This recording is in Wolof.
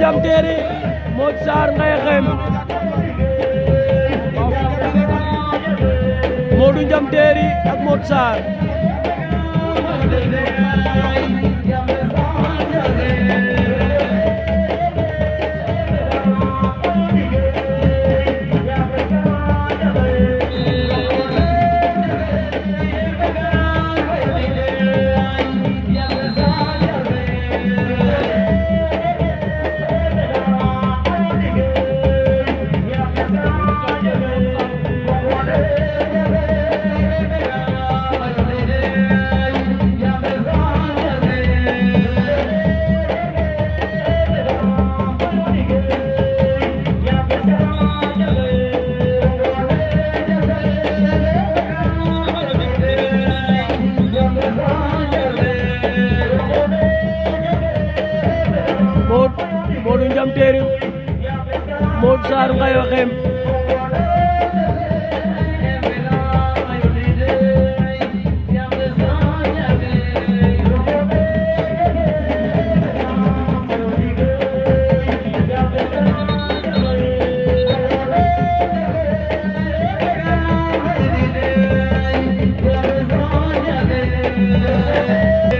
jam téere Moth Sarr Ngaye Khem Modou jam téere ak Moth Sarr Modou Njam Térim Modou Sarr Ngaye Khem Thank you.